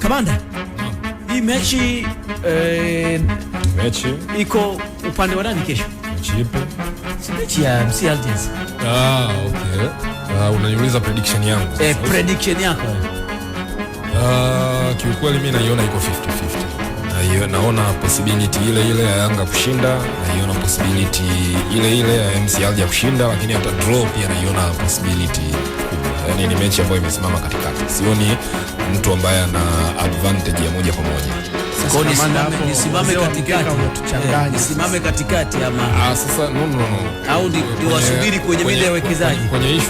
Kamanda, hii mechi eh, iko upande wa nani kesho? Mechi ipo. ya MC Alliance. Ah, okay. Uh, unaniuliza prediction yangu. Eh, prediction yako. Uh, kiukweli mimi naiona iko 50 naona possibility ile ile ya Yanga kushinda, naiona possibility ile ile ya MC Alja kushinda, lakini hata draw pia naiona possibility kubwa. Yani ni mechi ambayo imesimama katikati. Sioni mtu ambaye ana advantage ya moja kwa moja kwenye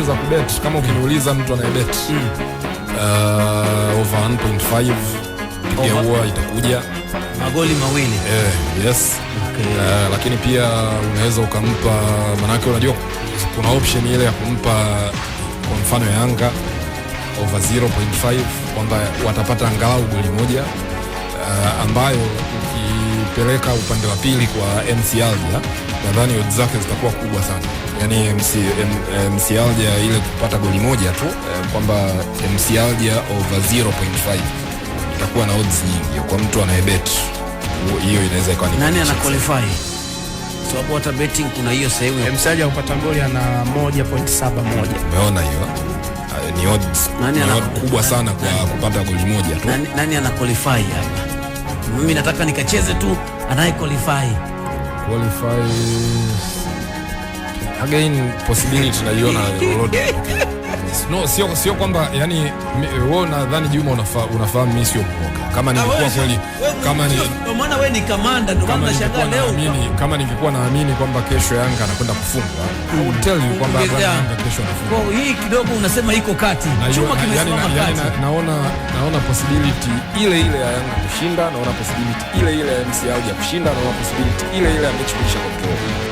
za kubet. Kama ukimuuliza mtu anayebet mm. uh, over 1.5 huwa itakuja magoli mawili eh, yes okay. Uh, lakini pia unaweza ukampa, manake unajua kuna option ile ya kumpa kwa mfano Yanga ya over 0.5 kwamba watapata angalau goli moja uh, ambayo ukipeleka upande wa pili kwa MC Alger nadhani odds zake zitakuwa kubwa sana. Yani MC, M, MC Alger ile kupata goli moja tu uh, kwamba MC Alger over 0.5 itakuwa na odds nyingi kwa mtu anayebet hiyo, inaweza ikawa ni nani ana qualify sababu so, hata betting kuna hiyo sehemu MC Alger kupata goli ana 1.71 umeona hiyo Eh, ni odds nani ni kubwa sana kwa nani, kupata goli moja tu. Nani, nani ana qualify hapa? Mimi nataka nikacheze tu, anaye qualify qualify again, possibility tunaiona Ronaldo no, sio sio kwamba yani wewe nadhani Juma unafahamu unafahamu mimi sio mwoga. Kama ningekuwa kweli kama ni ndio maana wewe ni kamanda ndio maana nashangaa leo. mimi Kama ningekuwa naamini kwamba kesho Yanga anakwenda kufungwa. I will tell you kwamba Yanga kesho anafungwa. Kwa hii kidogo unasema iko kati. Chuma kimesimama kati. Naona naona possibility ile ile ya Yanga kushinda, naona possibility ile ile ya MC ya kushinda, naona possibility ile ile ya mechi kuisha kwa draw.